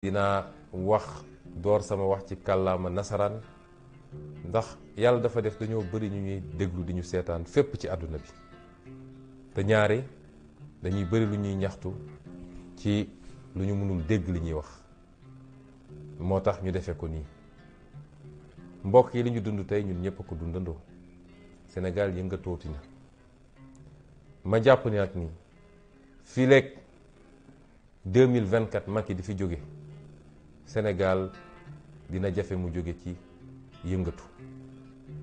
dina wax door sama wax ci kàllaama nasaraan ndax yàlla dafa def dañoo bari ñu ñuy déglu di ñu seetaan fépp ci àdduna bi te ñaari dañuy bëri lu ñuy ñaxtu ci lu ñu mënul dégg li ñuy wax moo tax ñu defee ko nii mbokk yi li ñu dund tey ñun ñëpp a ko dundandoo Sénégal yëngatooti na ma jàpp ni ak nii fii léegi 2024 yi di fi jóge Sénégal dina jafe mu jóge ci yëngatu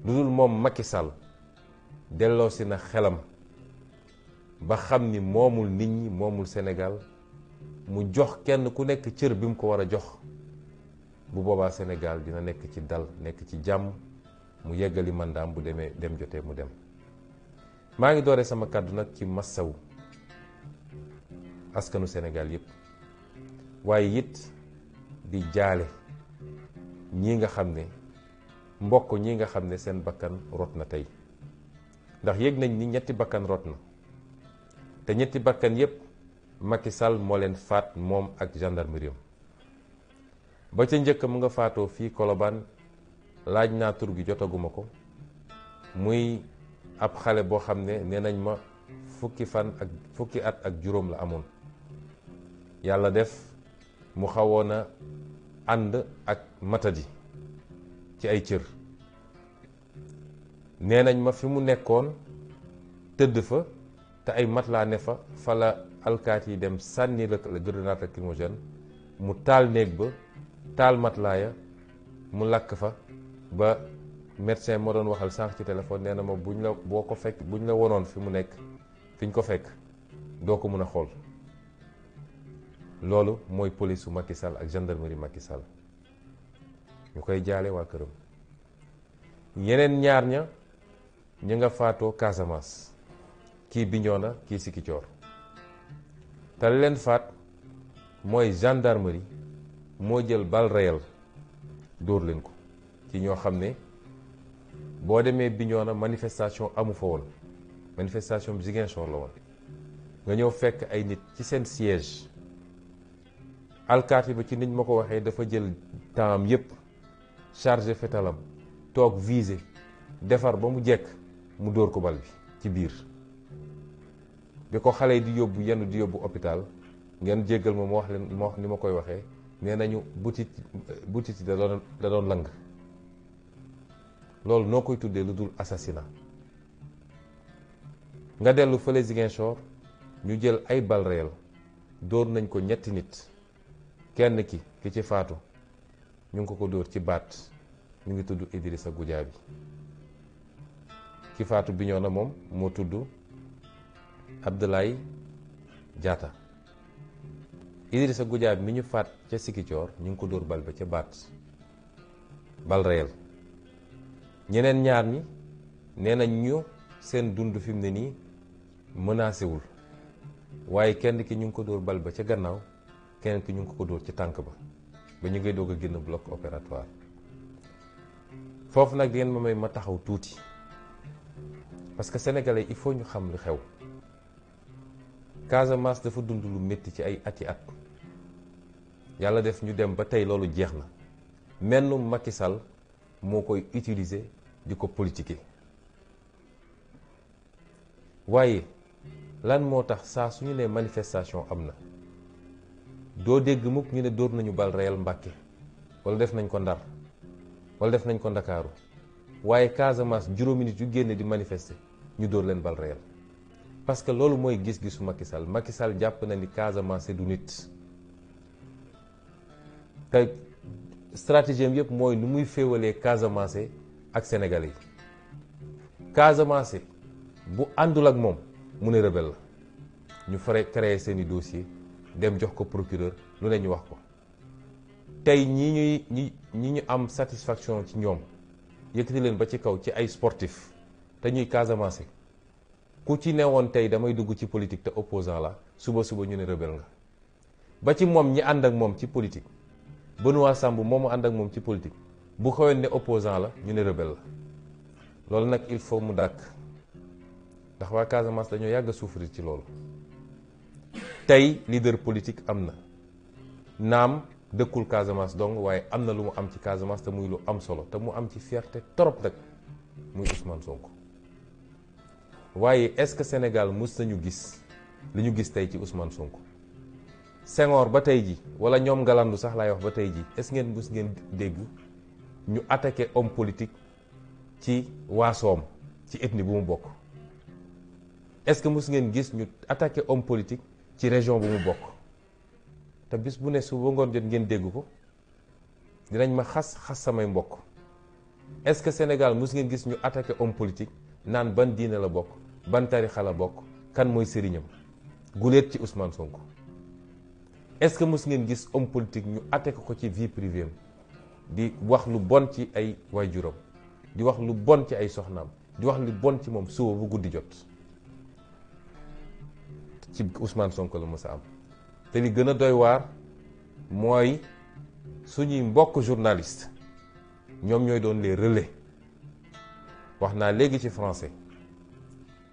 lu dul moom Macky Sall delloosi na xelam ba xam ni moomul nit ñi moomul Sénégal mu jox kenn ku nekk cër bi mu ko war a jox bu boobaa Sénégal dina nekk ci dal nekk ci jàmm mu yeggali mandaam bu demee dem jotee mu dem maa ngi doore sama kàddu nag ci massawu askanu senegaal yépp waaye it di jaale ñii nga xam ne mbokk ñii nga xam ne seen bakkan rot na tey ndax yëg nañ ni ñetti bakkan rot na te ñetti bakkan yépp Macky sal moo leen faat moom ak gendarmerie ba ca njëkk mu nga faatoo fii Colobane laaj naa tur gi jotaguma ko muy ab xale boo xam ne nee nañ ma fukki fan ak fukki at ak juróom la amoon yàlla def mu xawoon a ànd ak matadi ci ay cër nee nañ ma fi mu nekkoon tëdd fa te ay mat laa ne fa fa la alkaat yi dem sànni la grenade lacrymogène mu taal néeg ba taal matlaaya mu lakk fa ba médecin moo doon waxal sànq ci téléphone nee na ma buñ la boo ko fekk buñ la wonoon fi mu nekk fiñ ko fekk doo ko mën a xool loolu mooy police su Macky Sall ak gendarmerie Macky Sall ñu koy jaale waa këram yeneen ñaar ña ñu nga faatoo Casamance kii Bignona kii Sikicoor te leen faat mooy gendarmerie moo jël balle réelle dóor ko ci ñoo xam ne boo demee Bignona manifestation amu fa woon manifestation bi la woon nga ñëw fekk ay nit ci seen siège alkaati ba ci niñ ma ko waxee dafa jël temps yépp chargé fetalam toog visé defar ba mu jekk mu dóor ko bal bi ci biir bi ko xale yi di yóbbu yenn di yóbbu hôpital ngeen jéggal ma ma wax leen ma ni ma koy waxee nee nañu butit butit da doon da doon lang loolu noo koy tuddee lu dul assassinat nga dellu fële Ziguinchor ñu jël ay bal réel dóor nañ ko ñetti nit kenn ki ki ci faatu ñu ngi ko ko dóor ci baat ñu ngi tudd Idrissa Goudiaby ki faatu bi ñoo na moom moo tudd Abdoulaye Diatta Idrissa Goudiaby mi ñu faat ca Sikicoor ñu ngi ko dóor bal ba ca baat bal ñeneen ñaar mi nee nañ seen dund fi ne nii menacé wul waaye kenn ki ñu ngi ko dóor bal ba ca gannaaw keneen ki ñu ngi ko ko dóor ci tànk ba ba ñu ngay doog a génn bloc opératoire foofu nag di ngeen ma may ma taxaw tuuti parce que sénégalais il faut ñu xam lu xew Casamance dafa dund lu métti ci ay ati at yàlla def ñu dem ba tey loolu jeex na mennum Macky Sall moo koy utilise di ko politike waaye lan moo tax saa su ñu nee manifestation am na doo dégg mukk ñu ne dóor nañu bal réel Mbàkke wala def nañ ko Ndar wala def nañ ko Ndakaaru waaye Casamance juróomi nit yu génne di manifester ñu dóor leen bal réel parce que loolu mooy gis-gisu Macky Sall Macky jàpp na ni Casamance du nit te stratégie am yëpp mooy nu muy féewalee Casamance ak Sénégalais yi Casamance bu àndul ak moom mu ne rebelle la ñu fare créer seeni dossier dem jox ko procureur lu ne ñu wax ko tey ñi ñuy ñi ñi ñu am satisfaction ci ñoom yëkkati leen ba ci kaw ci ay sportif te ñuy Casamance ku ci newoon tey damay dugg ci politique te opposant la suba suba ñu ne rebelle nga ba ci moom ñi ànd ak moom ci politique Benoît Sambou moomu ànd ak moom ci politique bu xawoon ne opposant la ñu ne rebelle la loolu nag il faut mu dàkk ndax waa Casamance dañoo yàgg a souffrir ci loolu tey leader politique am na naam dëkkul Casamance donc waaye am na lu mu am ci Casamance te muy lu am solo te mu am ci fierté trop nag muy Ousmane sonk waaye est-ce que Sénégal mës nañu gis li ñu gis tey ci Ousmane sonk Senghor ba tey ji wala ñoom ngalandu sax laay wax ba tey ji est ngeen mës ngeen dégg ñu attaque homme politique ci waasoom ci ethnie bu mu bokk est-ce que mës ngeen gis ñu attaqué homme politique ci région bi mu bokk te bis bu ne su ba ngoon jot ngeen dégg ko dinañ ma xas xas samay mbokk est-ce que Sénégal mus ngeen gis ñu attaqué homme politique naan ban diine la bokk ban tarixa la bokk kan mooy sëriñam guleet ci Ousmane Sonko est-ce que mus ngeen gis homme politique ñu attaqué ko ci vie privée am di wax lu bon ci ay waajuram di wax lu bon ci ay soxnaam di wax lu bon ci moom suba bu guddi jot ci Ousmane Sonko la mës sa am te li gën a doy waar mooy suñuy mbokk journaliste ñoom ñooy doon les relais wax naa léegi ci français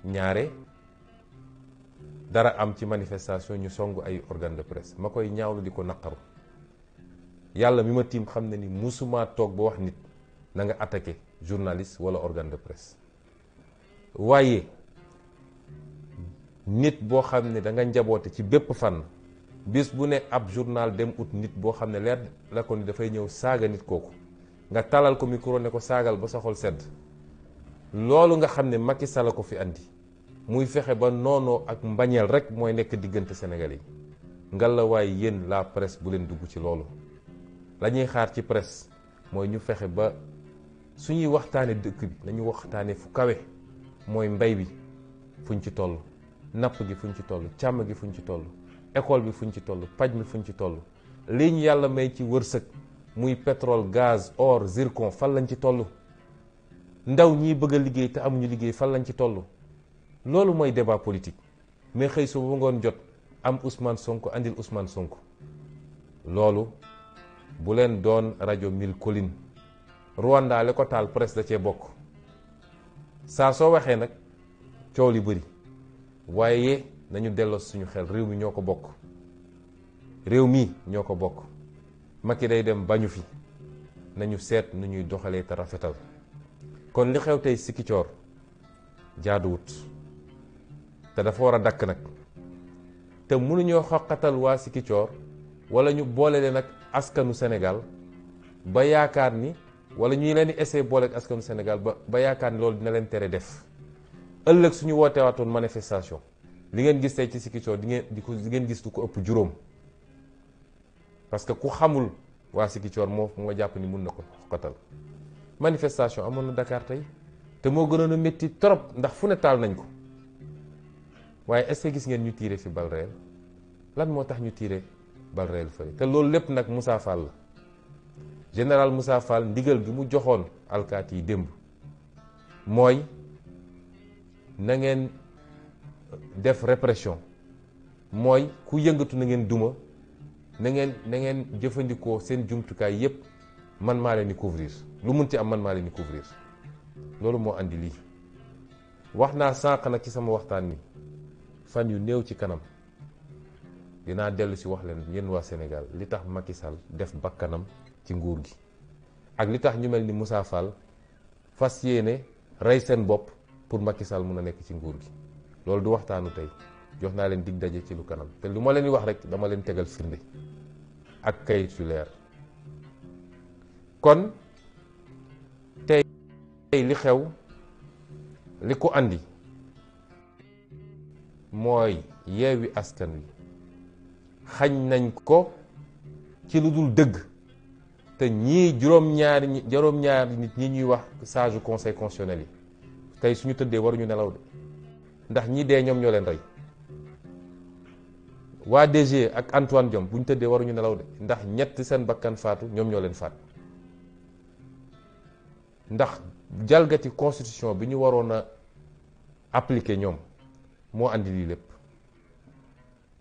ñaare dara am ci manifestation ñu song ay organe de presse ma koy ñaawlu di ko naqaru yàlla mi ma tiim xam ne ni musuma toog ba wax nit na nga attaqué journaliste wala organe de presse waaye nit boo xam ne da nga njaboote ci bépp fànn bis bu ne ab journal dem ut nit boo xam ne leer la ko ni dafay ñëw saaga nit kooku nga talal ko micro ne ko saagal ba soxol sedd loolu nga xam ne Macky Sall ko fi andi muy fexe ba noonoo ak mbañeel rek mooy nekk diggante Sénégal yi ngalawaay yéen la presse bu leen dugg ci loolu la ñuy xaar ci presse mooy ñu fexe ba suñuy waxtaanee dëkk bi nañu waxtaane fu kawe mooy mbay bi fuñ ci toll napp gi fu ñu ci toll càmm gi fuñ ci toll école bi fuñ ci toll paj mi fuñ ci toll lii ñu yàlla may ci wërsëg muy pétrole gaz or zircon fan lañ ci toll ndaw ñiy bëgg a liggéey te amuñu liggéey fan lañ ci toll loolu mooy débat politique mais xëy su ba ngoon jot am Ousmane Sonko andil Ousmane Sonko loolu bu leen doon rajo mille collines Rwanda li ko taal presse da cee bokk saa soo waxee nag coow li bëri waaye nañu delloo suñu xel réew mi ñoo ko bokk réew mi ñoo ko bokk yi day dem bañu fi nañu seet nu ñuy doxalee te rafetal kon li xew tey Sikicoor jaaduwut te dafa war a dakk nag te mënuñoo xoqatal waa Sikicoor wala ñu boole leen ak askanu Sénégal ba yaakaar ni wala ñuy leen di essayer boole ak askanu Sénégal ba ba yaakaar ni loolu dina leen tere def ëllëg suñu wootee waatoon manifestation li ngeen gis tey ci Ziguinchor di ngeen di ko di ngeen gis du ko ëpp juróom parce que ku xamul waa Ziguinchor moo moo jàpp ni mun na ko xoqatal manifestation amoon na Dakar tey te moo gënoon a métti trop ndax fu ne taal nañ ko waaye est gis ngeen ñu tiire fi bal lan moo tax ñu tiire bal réel te loolu lépp nag Moussa Fall la général Moussa Fall ndigal gi mu joxoon alkaati yi démb mooy na ngeen def répression mooy ku yëngatu na ngeen duma na ngeen na ngeen jëfandikoo seen jumtukaay yépp man maa leen di couvrir lu mun ci am man maa leen di couvrir loolu moo andi lii wax naa sànq nag ci sama waxtaan ni fan yu néew ci kanam dinaa dellu si wax leen yéen waa senegal li tax Macky Sall def bakkanam ci nguur gi ak li tax ñu mel ni Moussa Fall fas yéene rey seen bopp pour Macky Sall mun a nekk ci nguur gi loolu du waxtaanu tey jox naa leen dig daje ci lu kanam te lu ma leen wax rek dama leen tegal firnde ak kayit yu leer kon tey li xew li ko andi mooy yeewi askan wi xañ nañ ko ci lu dul dëgg te ñii juróom-ñaari nit ñi ñuy wax sage conseil constitutionnel yi tey suñu tëddee waruñu nelaw de ndax ñi dee ñoom ñoo leen rey waa DG ak Antoine Diome bu ñu tëddee waruñu nelaw de ndax ñett seen bakkan faatu ñoom ñoo leen faat ndax jalgati constitution bi ñu waroon a appliquer ñoom moo indi lii lépp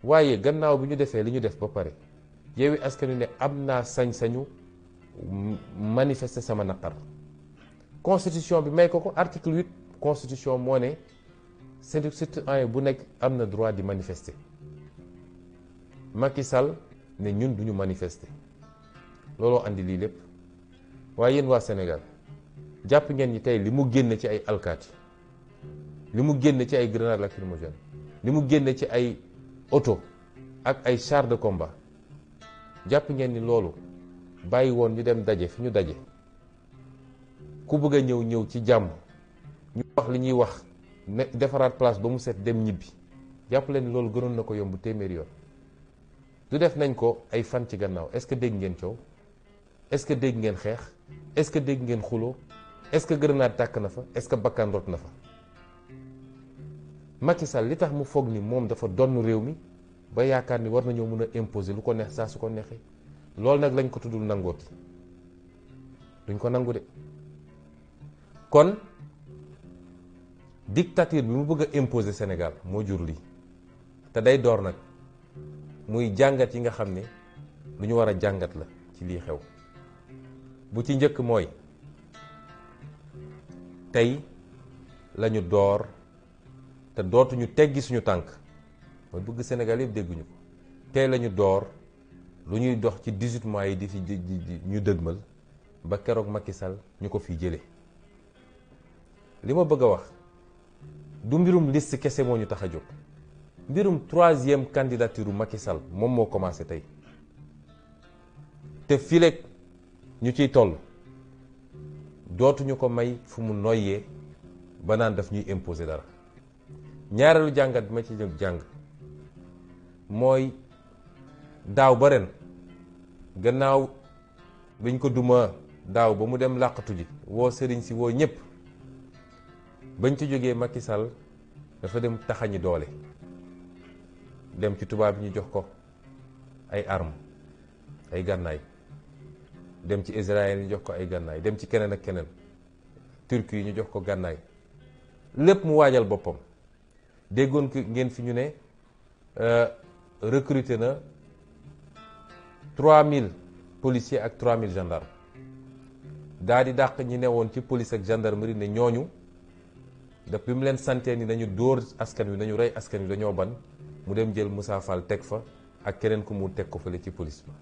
waaye gannaaw bi ñu defee li ñu def ba pare Yewwi Askan Wi ne am naa sañ-sañu manifester sama naqar constitution bi may ko ko article 8 constitution moo ne syndic citoyen bu nekk am na droit di manifester Macky Sall ne ñun duñu manifester looloo andi lii lépp waaye yéen waa senegal jàpp ngeen ñi tey li mu génn ci ay alkaati li mu génn ci ay grenade lacrymogène li mu génn ci ay oto ak ay char de combat jàpp ngeen ni loolu bàyyi woon ñu dem daje fi ñu daje ku bëgg a ñëw ñëw ci jàmm wax li ñuy wax ne defaraat place ba mu set dem ñibbi jàpp leen loolu gënoon na ko yomb téeméeri yoon du def nañ ko ay fan ci gannaaw est-ce que dégg ngeen coow est-ce que dégg ngeen xeex est-ce que dégg ngeen xuloo est-ce que grenade tàkk na fa est-ce que bakkan rot na fa Macky li tax mu foog ni moom dafa donn réew mi ba yaakaar ni war nañoo mën a imposer lu ko neex saa su ko neexee loolu nag lañ ko tuddul nangooti duñ ko nangu de kon dictature bi mu bëgg a imposer moo jur li te day door nag muy jàngat yi nga xam ni lu ñu war a jàngat la ci lii xew bu ci njëkk mooy tey lañu door te dootuñu teggi suñu tànk mooy bëgg Sénégal yëpp dégguñu ko tey lañu door lu ñuy dox ci 18 mois yi di fi ñu dëgmal ba keroog Macky Sall ñu ko fi jëlee li ma bëgg a wax du mbirum liste kese moo ñu tax a jóg mbirum troisième candidature Macky Sall moom moo commencé tey te fileeg ñu ciy toll dootuñu ko may fu mu noyyee ba naan daf ñuy imposer dara ñaareelu jàngat bi ma ci jóg jàng mooy daaw ba ren gannaaw biñ ko duma daaw ba mu dem làqatu ji woo sëriñ si woo ñëpp bañ ci jógee Macky Sall dafa dem taxañi doole dem ci tubaab yi ñu jox ko ay armes ay gànnaay dem ci Israël yi ñu jox ko ay gànnaay dem ci keneen ak keneen Turquie yi ñu jox ko gànnaay lépp mu waajal boppam déggoon ki ngeen fi ñu ne euh, recruter na mille policiers ak 3000 gendarmes daa di dàq ñi woon ci police ak gendarmerie ne ñooñu. def bi mu leen santee ni nañu dóor askan wi nañu rey askan wi dañoo ban mu dem jël Moussa Fall teg fa ak keneen ko mu teg ko fële ci police ba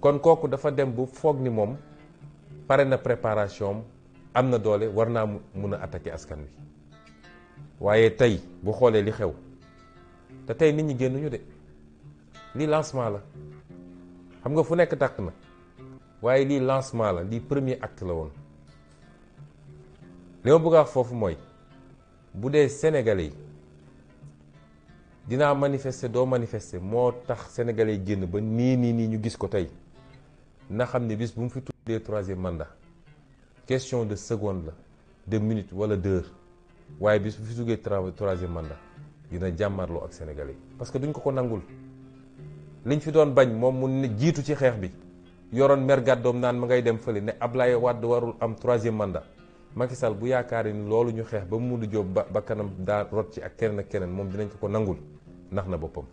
kon kooku dafa dem bu foog ni moom pare na préparation am na doole war naa mu mun a attaquer askan wi waaye tey bu xoolee li xew te tey nit ñi génnuñu de lii lancement la xam nga fu nekk tàkk na waaye lii lancement la lii premier act la woon li ma bëgg a foofu mooy bu dee sénégalais yi dinaa manifester doo manifester moo tax sénégalais yi génn ba nii nii nii ñu gis ko tey na xam ne bis bu mu fi tuddee troisième mandat question de seconde la de minute wala d'heure waaye bis bu fi tuddee troisième mandat dina jàmmarloo ak sénégalais yi parce que duñ ko ko nangul liñ fi doon bañ moom mu jiitu ci xeex bi yoroon mer gàddoom naan ma ngay dem fële ne Ablaye Wade warul am troisième mandat Macky Sall bu yaakaaree ni loolu ñu xeex ba mu Mamadou Diop ba bakkanam daa rot ci ak keneen ak keneen moom dinañ ko ko nangul ndax na boppam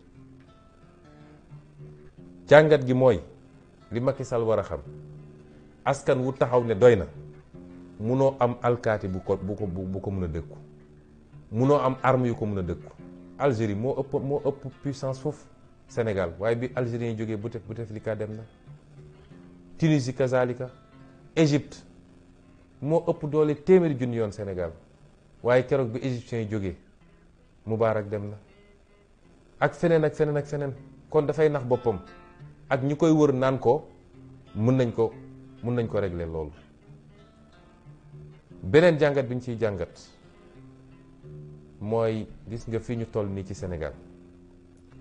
jàngat gi mooy li Macky Sall war a xam askan wu taxaw ne doy na munoo am alkaati bu ko bu ko bu ko mën a dëkku munoo am arme yu ko mën a dëkku Algérie moo ëpp moo ëpp puissance foofu Sénégal waaye bi Algérien jógee Bouteflika dem na Tunisie kazalika Égypte moo ëpp doole téeméeri junni yoon Sénégal waaye keroog bi égyptiens yi jógee Moubarak dem na ak feneen ak feneen ak feneen kon dafay nax boppam ak ñi koy wër naan ko mun nañ ko mun nañ ko régler loolu beneen jàngat bi ñu ciy jàngat mooy gis nga fi ñu toll nii ci senegal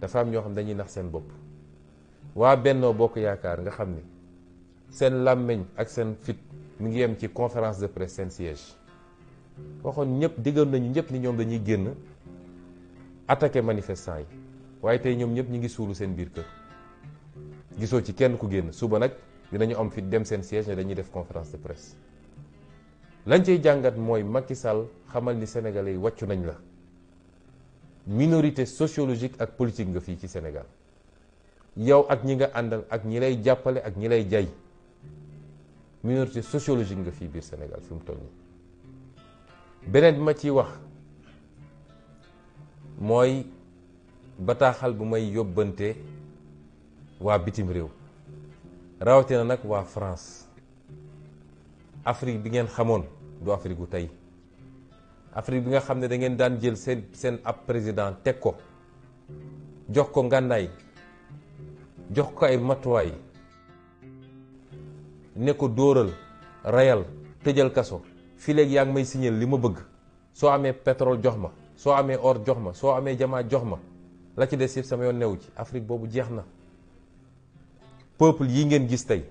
dafa am ñoo xam ne dañuy nax seen bopp waa Bennoo Bokk Yaakaar nga xam ni seen làmmiñ ak seen fit mi ngi yem ci conférence de presse seen siège waxoon ñëpp diggal nañu ñëpp ni ñoom dañuy génn attaqué manifestant yi waaye tey ñoom ñëpp ñu ngi suulu seen biir kër gisoo ci kenn ku génn suba nag dinañu am fi dem seen siège ne dañuy def conférence de presse lañ ciy jàngat mooy Macky Sall xamal ni sénégalais yi wàccu nañ la minorité sociologique ak politique nga fii ci Sénégal yow at ñi nga àndal ak ñi lay jàppale ak ñi lay jay minorité sociologique nga fii biir Sénégal fi mu toll nii beneen bi ma ciy wax mooy bataaxal bu may yóbbante waa bitim réew rawatina nag waa France Afrique bi ngeen xamoon du Afrique gu tey Afrique bi nga xam ne da ngeen daan jël seen seen ab président teg ko jox ko ngànnaay jox ko ay matuwaay. ne ko dóoral rayal tëjal kaso fii léegi yaa ngi may signal li ma bëgg soo amee pétrole jox ma soo amee or jox ma soo amee jamaa jox ma la ci des yëpp sama yoon newu ci Afrique boobu jeex na peuple yi ngeen gis tey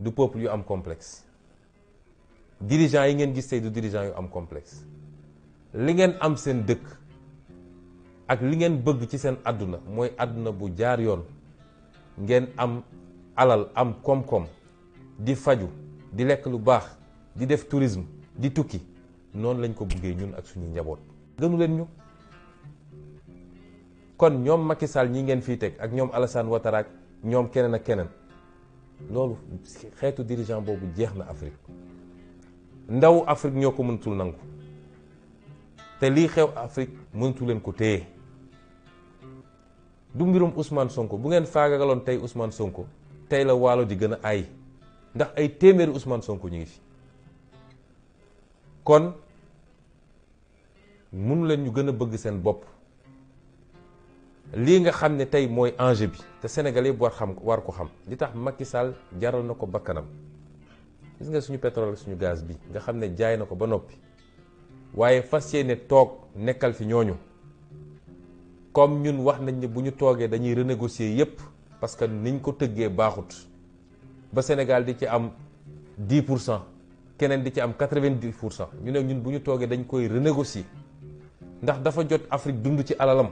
du peuple yu am complexe dirigeant yi ngeen gis tey du yu am complexe li ngeen am seen dëkk ak li ngeen bëgg ci seen àdduna mooy àdduna bu jaar yoon ngeen am alal am koom-koom di faju di lekk lu baax di def tourisme di tukki noonu lañ ko buggee ñun ak suñu njaboot gënu leen ñu kon ñoom Macky Sall ñi ngeen fii teg ak ñoom Alassane Ouattara ak ñoom keneen ak keneen loolu xeetu dirigeant boobu jeex na Afrique ndaw Afrique ñoo ko mënatul nangu te lii xew Afrique mënatu leen ko téye du mbirum Ousmane Sonko bu ngeen faagagaloon tey Ousmane Sonko tey la waalo di gën a ay ndax ay téeméeri Ousmane Sonko ñu ngi fi kon mënu leen ñu gën a bëgg seen bopp lii nga xam ne tey mooy enjeu bi te Sénégal yëpp war xam war ko xam li tax makki Sall jaral na ko bakkanam gis nga suñu pétrole suñu gaz bi nga xam ne jaay na ko ba noppi waaye fas yéene toog nekkal fi ñooñu comme ñun wax nañ ne bu ñu toogee dañuy renégocier yépp parce que niñ ko tëggee baaxut ba Sénégal di ci am 10 pour cent keneen di ci am 90 pour sant ñu ne ñun bu ñu toogee dañ koy renégocier ndax dafa jot Afrique dund ci alalam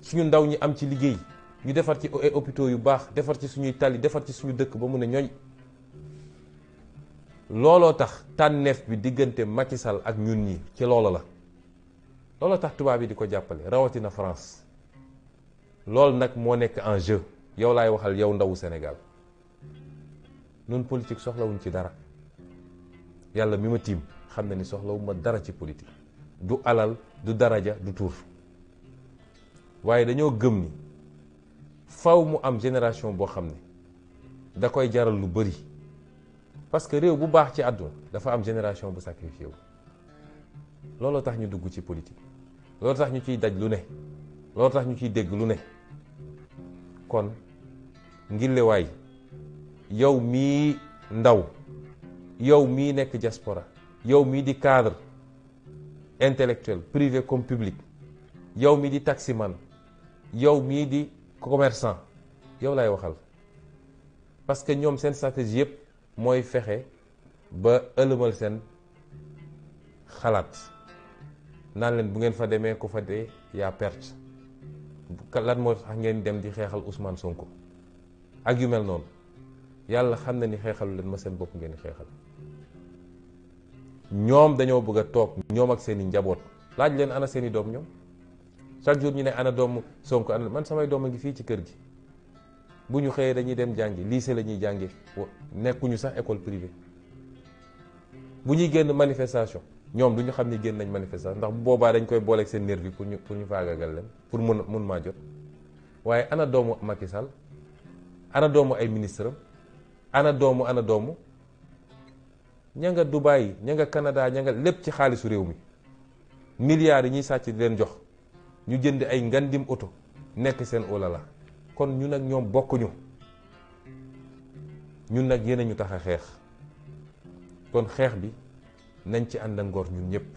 suñu ndaw ñi am ci liggéey ñu defar ci ay yu baax defar ci suñuy tali defar ci suñu dëkk ba mu ne ñooñ looloo tax tànneef bi diggante Macky Sall ak ñun ñi ci loola la looloo tax tubaab yi di ko jàppale rawatina France loolu nag moo nekk en jeu yow laay waxal yow ndawu Sénégal noonu politique soxlawuñ ci dara yàlla mi ma tiim xam na ni soxlawu ma dara ci politique du alal du daraja du tuur waaye dañoo gëm ni faw mu am génération boo xam ne da koy jaral lu bëri parce que réew bu baax ci àdduna dafa am génération bu sacrifié wu looloo tax ñu dugg ci politique looloo tax ñu ciy daj lu ne looloo tax ñu ciy dégg lu ne kon ngillewaay yow mii ndaw yow mii nekk diaspora yow mii di cadre intellectuel privé comme public yow mii di man yow mii di commerçant yow laay waxal parce que ñoom seen stratégie yëpp mooy fexe ba ëlëmal seen xalaat naan leen bu ngeen fa demee ku fa dee yaa perte lan moo tax ngeen dem di xeexal Ousmane Sonko ak yu noonu yàlla xam na ni xeexalu leen ma seen bopp ngeen xeexal ñoom dañoo bëgg a toog ñoom ak seen i njaboot laaj leen ana seen i doom ñoom chaque jour ñu ne ana doomu Sonko ana man samay doom a ngi fii ci kër gi bu ñu xëyee dañuy dem jàngi lycée la ñuy jàngi nekkuñu sax école privée bu ñuy génn manifestation ñoom du ñu xam ni génn nañ manifestation ndax bu boobaa dañ koy booleeg seen nervi pour ñu pour ñu faagagal leen pour mun mun maa jot waaye ana doomu Macky Sall ana doomu ay ministre am ana doomu ana doomu ña nga Dubai ña nga Canada ña nga lépp ci xaalisu réew mi milliards yi ñuy sàcc di leen jox ñu jënd ay ngandim oto nekk seen la kon ñun nag ñoom bokkuñu ñun nag yéen ñu tax a xeex kon xeex bi nañ ci ànd ak ngor ñun ñëpp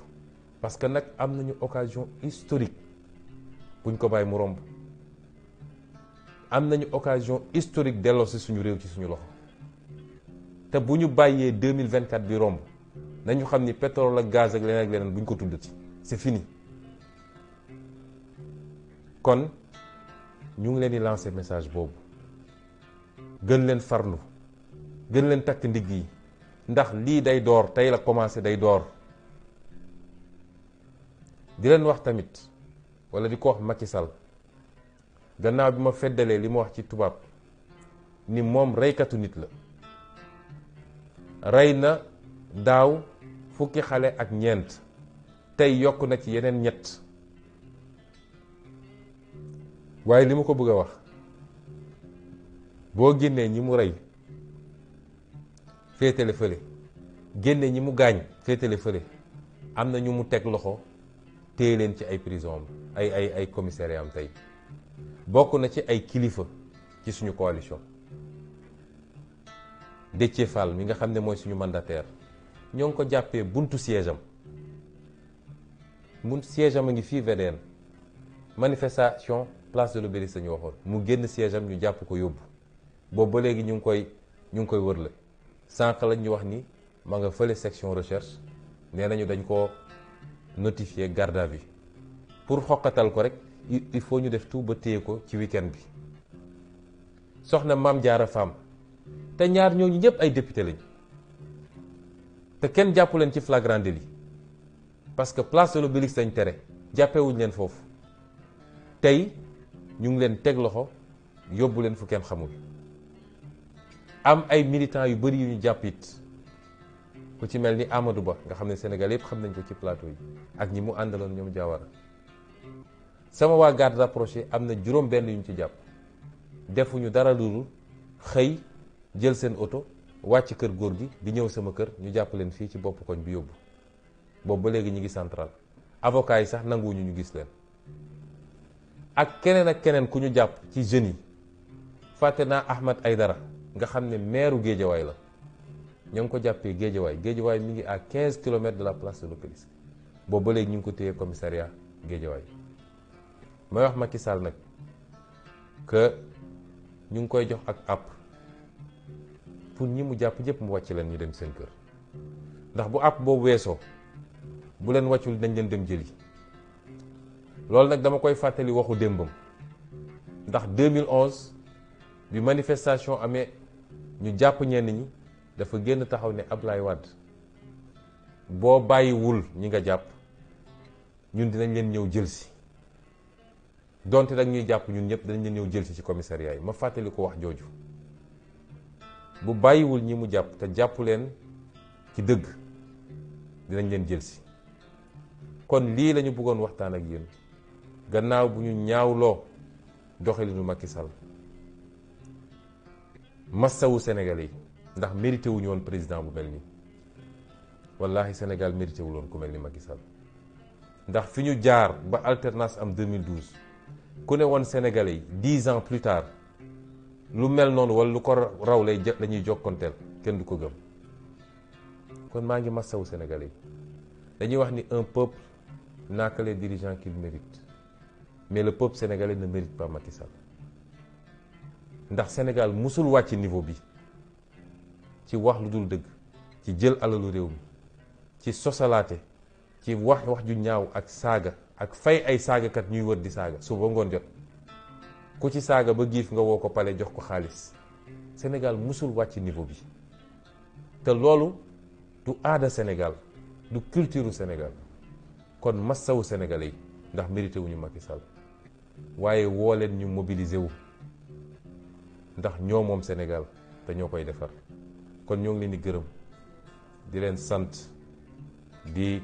parce que nag am nañu occasion historique buñ ko bàyyi mu romb am nañu occasion historique delloo si suñu réew ci suñu loxo te bu ñu bàyyee 2024 bi romb nañu xam ni pétrole ak gaz ak leneen ak leneen bu ñu ko tuddati si fini kon ñu ngi leen di lancé message boobu gën leen farnu gën leen takk ndigg yi ndax lii day door tey la commencé day door di leen wax tamit wala di ko wax Macky sal gannaaw bi ma feddalee li ma wax ci tubaab ni moom reykatu nit la rey na daaw fukki xale ak ñeent tey yokk na ci yeneen ñett waaye li ma ko bëgg wax boo génnee ñi mu rey féetale fële génne ñi mu gaañ féetale fële am na ñu mu teg loxo téye leen ci ay prison am ay ay ay commissariat am tey bokk na ci ay kilifa ci suñu coalition Déthié Fall mi nga xam ne mooy suñu mandataire ñoo ngi ko jàppee buntu siège am buntu siège a ngi fii VDN manifestation place de l'Obélisque la waxoon mu génn siège am ñu jàpp ko yóbbu boobu ba léegi ñu ngi koy ñu ngi koy wërle sànq lañ ñu wax ni ma nga fële section recherche nee nañu dañ ko notifié garde à vue pour xoqatal ko rek il faut ñu def tout ba téye ko ci week bi soxna Mame Diarra Fam te ñaar ñooñu ñëpp ay député lañ te kenn jàppu leen ci flagrant délit parce que place de l'Obélisque dañ tere jàppewuñ leen foofu tey ñu ngi leen teg loxo yóbbu leen fu kenn xamul am ay militants yu bëri yu ñu jàpp it ku ci mel ni Amadou Ba nga xam ne Sénégal yëpp xam nañ ko ci plateau yi ak ñi mu àndaloon ñoom Diawara sama waa garde rapproché am na juróom benn yu ñu ci jàpp defuñu dara loolu xëy jël seen oto wàcc kër góor gi di ñëw sama kër ñu jàpp leen fii ci bopp koñ bi yóbbu boobu ba léegi ñu ngi central avocat yi sax nanguwuñu ñu gis leen ak keneen ak keneen ku ñu jàpp ci jeunes yi fàtte naa Ahmed dara nga xam ne maire Géejawaay la ñoo ngi ko jàppee Géejawaay Géejawaay mi ngi à 15 kilomètres de la place de l'Obélisque boobu ba léegi ñu ngi ko téye commissariat Géejawaay may wax Macky Sall nag que ñu ngi koy jox ak àpp pour ñi mu jàpp ñëpp mu wàcc leen ñu dem seen kër ndax bu àpp boobu weesoo bu leen wàccul dañ leen dem jëli loolu nag dama koy fàttali waxu démbam ndax 2011 bi manifestation amee ñu jàpp ñenn ñi dafa génn taxaw ne Ablaye Wade boo bàyyiwul ñi nga jàpp ñun dinañ leen ñëw jël si donte nag ñuy jàpp ñun ñëpp dinañ leen ñëw jël si ci commissariat yi ma fàttali ko wax jooju. bu bàyyiwul ñi mu jàpp te jàpp leen ci dëgg dinañ leen jël si kon lii lañu bëggoon waxtaan ak yéen gannaaw bu ñu ñaawloo doxalinu Macky Sall massawu Sénégal yi ndax mérité wuñu woon président bu mel nii wallaahi Sénégal mérité wul woon ku mel ni Macky Sall ndax fi ñu jaar ba alternance am 2012 ku ne woon Sénégalais yi dix ans plus tard. lu mel noonu wala lu ko raw lay jë la ñuy jokkonteel kenn du ko gëm kon maa ngi massawu Sénégalais yi dañuy wax ni un peuple n'a que les dirigeants qu'il mais le peuple sénégalais na mérite pas Macky ndax Sénégal musul wàcc niveau bi ci wax lu dul dëgg ci jël alalu réew mi ci sosalaate ci wax wax ju ñaaw ak saaga ak fay ay saagakat ñuy wër di saaga suba ngoon jot ku ci saaga ba giif nga woo ko pare jox ko xaalis Sénégal musul wàcc niveau bi te loolu du aada Sénégal du culture Sénégal kon massawu sénégalais yi ndax mérité wuñu Macky Sall waaye woo leen ñu mobiliser wu ndax ñoo moom Sénégal te ñoo koy defar kon ñoo ngi leen di gërëm di leen sant di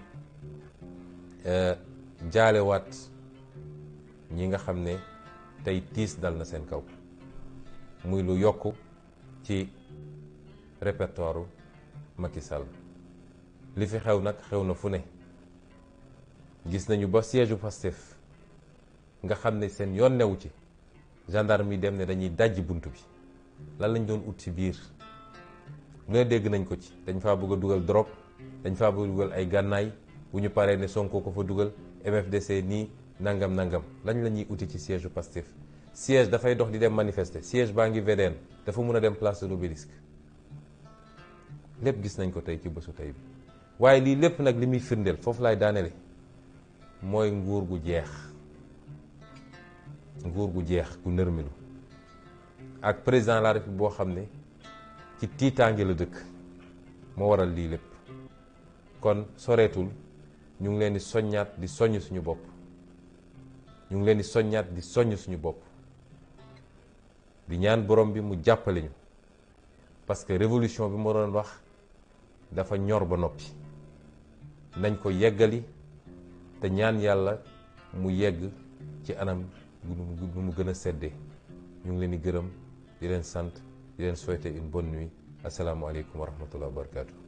euh, jaalewaat ñi nga xam ne tey tiis dal na seen kaw muy lu yokk ci répertoire Macky Sall li fi xew nag xew na fu ne gis nañu ba siège Pastef nga xam ne seen yoon newu ci gendarme yi dem ne dañuy dajji bunt bi lan lañ doon ut ci biir lu ne dégg nañ ko ci dañ faa bëgg dugal drop dañ fa bëgg a dugal ay gànnaay bu ñu paree ne Sonko ko fa dugal MFDC nii nangam nangam lañ la ñuy uti ci siège Pastef siège dafay dox di dem manifester siège baa ngi VDN dafa mun a dem place de l'Obélisque lépp gis nañ ko tey ci bésu tey bi waaye lii lépp nag li muy firndeel foofu laay daanele mooy nguur gu jeex nguur gu jeex gu nërmilu ak président de la République boo xam ne ci tiitaange la dëkk moo waral lii lépp kon soreetul ñu ngi leen di soññaat di soññ suñu bopp ñu ngi leen di soññaat di soññ suñu bopp di ñaan borom bi mu jàppale ñu parce que révolution bi ma doon wax dafa ñor ba noppi nañ ko yeggali te ñaan yàlla mu yegg ci anam nu mu gën a seddee ñu ngi leen di gërëm di leen sant di leen souhaiter une bonne nuit asalaamualeykum wa rahmatullah wa barakatu